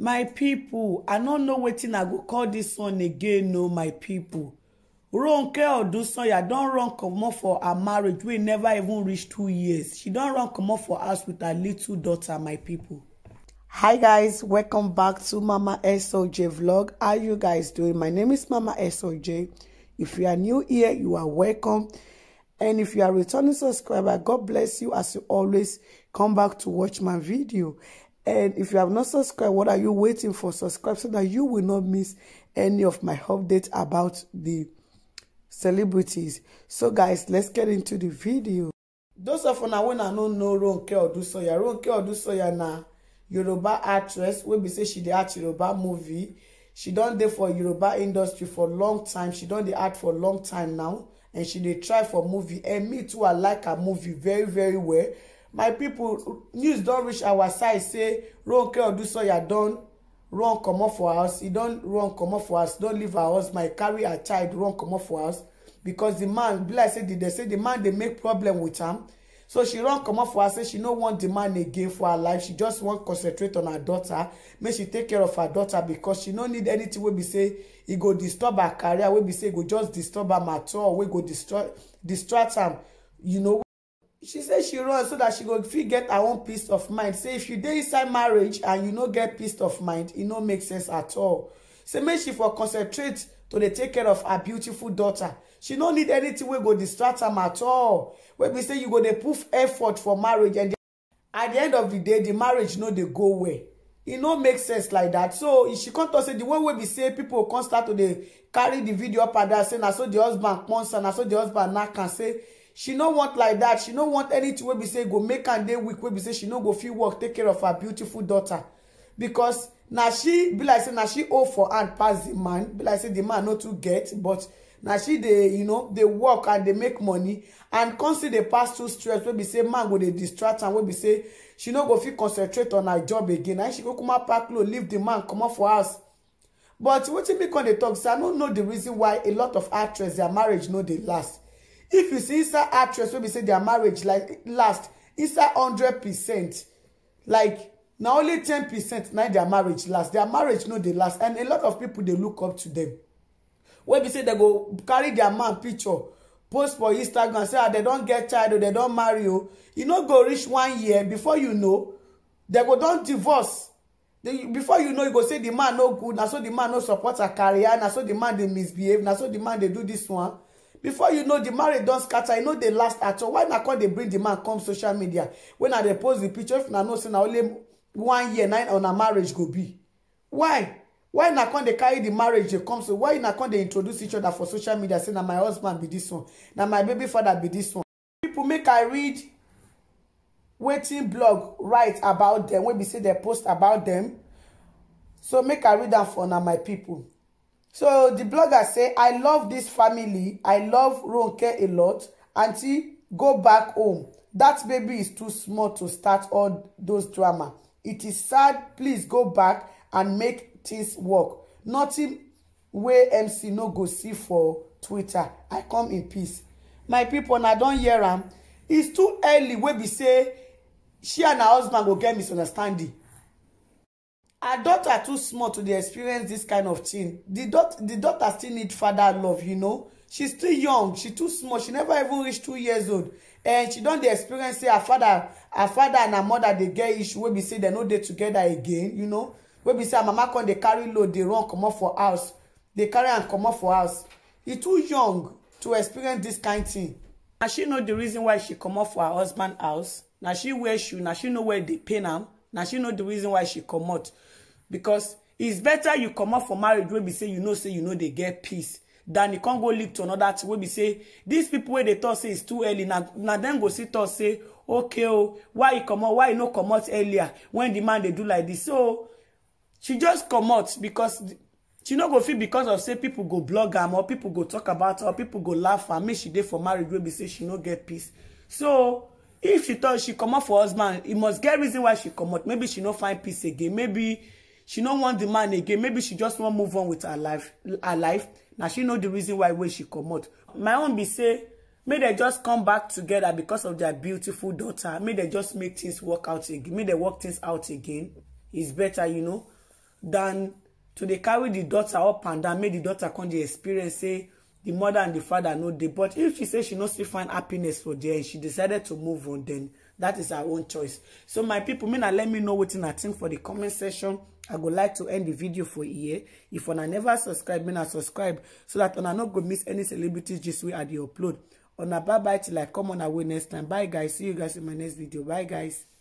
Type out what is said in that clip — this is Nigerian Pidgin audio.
my people, i no know wetin i go call this one again no my pipo ronke odusanya don run comot for her marriage wey never even reach two years she don run comot for house with her little daughter my people. hi guys welcome back to mama soj vlog how you guys doing my name is mama soj if you are new here you are welcome and if you are returning subscriber god bless you as you always come back to watch my video And if you have not subscribed, what are you waiting for? Subscribe so that you will not miss any of my updates about the celebrities. So guys, let's get into the video. Those of una when I no know Ronke Odusoya, Ronke Odusoya na Yoruba actress We be say she the act Yoruba movie. She done there for Yoruba industry for long time. She done the act for long time now and she dey try for movie. And me too, I like her movie very very well my people, news don reach our side say ronke odusoya don run comot for house e don run comot for house don leave her husband carry her child run comot for house because the man be like say dey say the man dey make problem with am so she run comot for her say she no want the man again for her life she just wan concentrate on her daughter make she take care of her daughter because she no need anything. wey be say e go disturb her career wey be say e go just disturb am at all wey go distract am you know she say she run so that she go fit get her own peace of mind say if you dey inside marriage and you no get peace of mind e no make sense at all say make she for concentrate to dey take care of her beautiful daughter she no need anything wey go distract am at all wey be say you go dey put effort for marriage and at the end of the day the marriage no dey go well e no make sense like that so she come talk say the way wey be say people come start to dey carry the video up and down say na so the husband sponsor na so the husband knack am say she no want like that. she no want anytin wey be say go make am dey weak wey be say she no go fit work take care of her beautiful daughter because na she be like say na she hold for hand pass the man be like say the man no too get but na she dey you know dey work and dey make money and see dey pass through stress wey be say man go dey distract am wey be say she no go fit concentrate on her job again and she go come pack low leave the man comot for house but wetin me come dey talk say i no know the reason why a lot of actress their marriage no dey last if you see inside actress wey be say their marriage like last inside hundred percent like na only ten percent na their marriage last their marriage no dey last and a lot of people dey look up to them wey be say they go carry their man picture post for instagram say ah dem don get child or oh, they don marry o oh. e no go reach one year before you know they go don divorce they, before you know you go say the man no good na so the man no support her career na so the man dey misbehave na so the man dey do this one before you know the marriage don scatter e no dey last at all why na con dey bring the man come social media when i dey post di picture if na know say na only one year nine on a marriage go be why why na con dey carry the marriage dey come so why na con dey introduce each other for social media say na my husband be this one na my baby father be this one People make i read wetin blog write about them. wey be say dem post about them. so make i read am for na my people. So the blogger say, I love this family. I love Ronke a lot. Auntie, go back home. That baby is too small to start all those drama. It is sad. Please go back and make things work. Nothing wey MC no go see for Twitter. I come in peace. My people, na don't hear him. It's too early wey be say she and her husband go get misunderstanding her daughter too small to dey experience this kind of thing the daughter still need father love you know she still young she too small she never even reach two years old and she don dey experience say her father her father and her mother dey get issue wey be say dem no dey together again you know wey be say her mama come dey carry load dey run comot for house dey carry am comot for house e too young to experience this kind thing and she know the reason why she comot for her husband house na she wear shoe na she know where dey pain am Now she know the reason why she come out, because it's better you come out for marriage wey be say you know say you know, they get peace Then you can't go live to another thing wey be say these people where they thought say it's too early Now now then go still thought say okay oh why you come out? why you no out earlier when the man they do like this so she just come out because she no go feel because of say people go blog her or people go talk about her or people go laugh am me. she dey for marriage wey be say she no get peace so if she thought she comot for husband e must get reason why she comot maybe she no find peace again maybe she no want the man again maybe she just wan move on with her life her life na she know the reason why wey she comot my own be say may they just come back together because of their beautiful daughter May they just make things work out again May they work things out again is better you know than to dey carry the daughter up and down make the daughter come dey experience say the mother and the father know dey but if she says she no still find happiness for there and she decided to move on then that is her own choice so my people may let me know wetin i think for the comment section i go like to end the video for here if una never subscribe may na subscribe so that una not go miss any celebrities just we add the upload a bye bye till i come on away next time bye guys see you guys in my next video bye guys